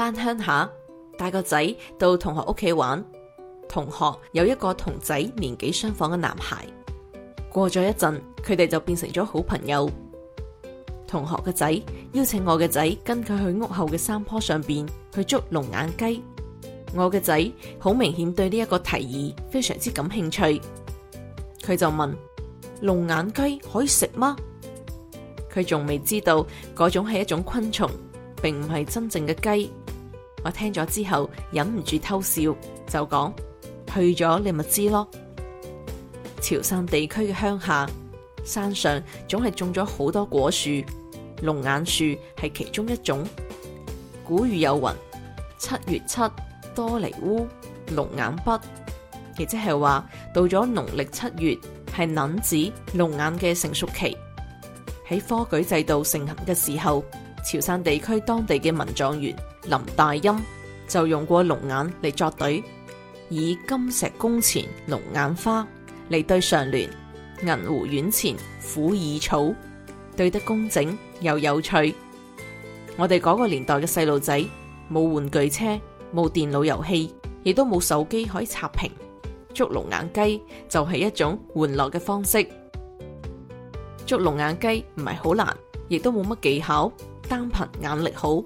返鄉下，帶個仔到同學屋企玩。同學有一個同仔年紀相仿嘅男孩。過咗一陣，佢哋就變成咗好朋友。同學嘅仔邀請我嘅仔跟佢去屋後嘅山坡上邊去捉龍眼雞。我嘅仔好明顯對呢一個提議非常之感興趣。佢就問：龍眼雞可以食嗎？佢仲未知道嗰種係一種昆蟲。並唔係真正嘅雞，我聽咗之後忍唔住偷笑，就講，去咗你咪知咯。潮汕地區嘅鄉下山上總係種咗好多果樹，龍眼樹係其中一種。古語有云：七月七多尼烏，龍眼筆，亦即係話到咗農曆七月係捻子龍眼嘅成熟期。喺科舉制度盛行嘅時候。潮汕地區當地嘅文狀元林大欽就用過龍眼嚟作對，以金石宮前龍眼花嚟對上聯，銀湖院前虎耳草，對得工整又有趣。我哋嗰個年代嘅細路仔冇玩具車，冇電腦遊戲，亦都冇手機可以刷屏，捉龍眼雞就係一種玩樂嘅方式。捉龍眼雞唔係好難。亦都冇乜技巧，單憑眼力好。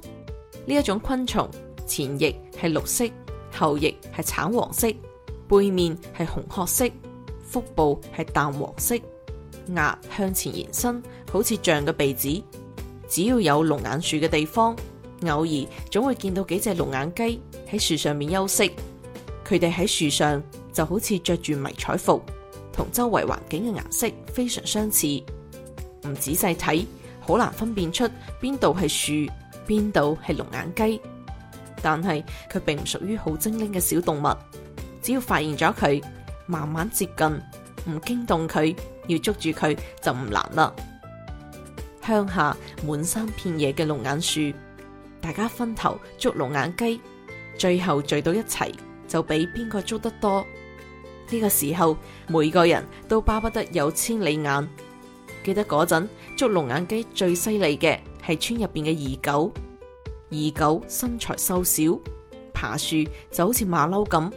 呢一種昆蟲，前翼係綠色，後翼係橙黃色，背面係紅褐色，腹部係淡黃色，額向前延伸，好似象嘅鼻子。只要有龍眼樹嘅地方，偶爾總會見到幾隻龍眼雞喺樹上面休息。佢哋喺樹上就好似着住迷彩服，同周圍環境嘅顏色非常相似，唔仔細睇。好難分辨出邊度係樹，邊度係龍眼雞。但係佢並唔屬於好精靈嘅小動物。只要發現咗佢，慢慢接近，唔驚動佢，要捉住佢就唔難啦。鄉下滿山遍野嘅龍眼樹，大家分頭捉龍眼雞，最後聚到一齊就比邊個捉得多。呢個時候，每個人都巴不得有千里眼。記得嗰陣捉龍眼雞最犀利嘅係村入邊嘅二狗。二狗身材瘦小，爬樹就好似馬騮咁。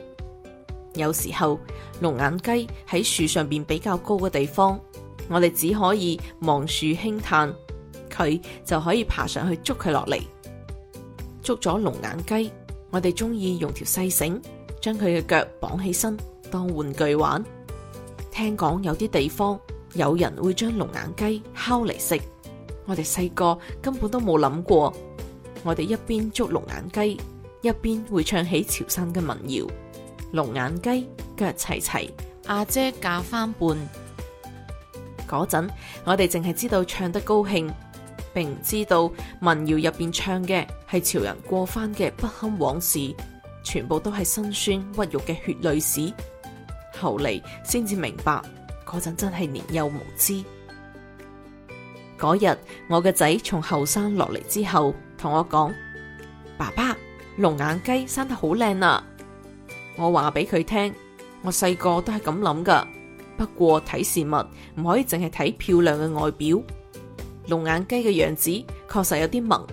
有時候龍眼雞喺樹上邊比較高嘅地方，我哋只可以望樹興嘆，佢就可以爬上去捉佢落嚟。捉咗龍眼雞，我哋中意用條細繩將佢嘅腳綁起身當玩具玩。聽講有啲地方。有人會將龍眼雞烤嚟食，我哋細個根本都冇諗過。我哋一邊捉龍眼雞，一邊會唱起潮汕嘅民謠《龍眼雞腳齊齊阿姐嫁番畔》。嗰陣我哋淨係知道唱得高興，並唔知道民謠入邊唱嘅係潮人過番嘅不堪往事，全部都係辛酸屈辱嘅血淚史。後嚟先至明白。嗰陣真係年幼無知。嗰日我嘅仔從後山落嚟之後，同我講：爸爸，龍眼雞生得好靚啊！我話俾佢聽，我細個都係咁諗噶。不過睇事物唔可以淨係睇漂亮嘅外表。龍眼雞嘅樣子確實有啲萌，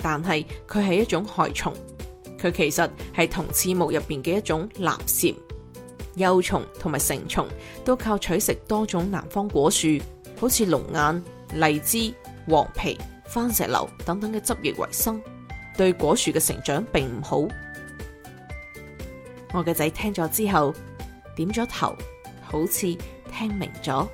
但係佢係一種害蟲，佢其實係同翅目入邊嘅一種蠟蟬。幼蟲同埋成蟲都靠取食多種南方果樹，好似龍眼、荔枝、黃皮、番石榴等等嘅汁液為生，對果樹嘅成長並唔好。我嘅仔聽咗之後，點咗頭，好似聽明咗。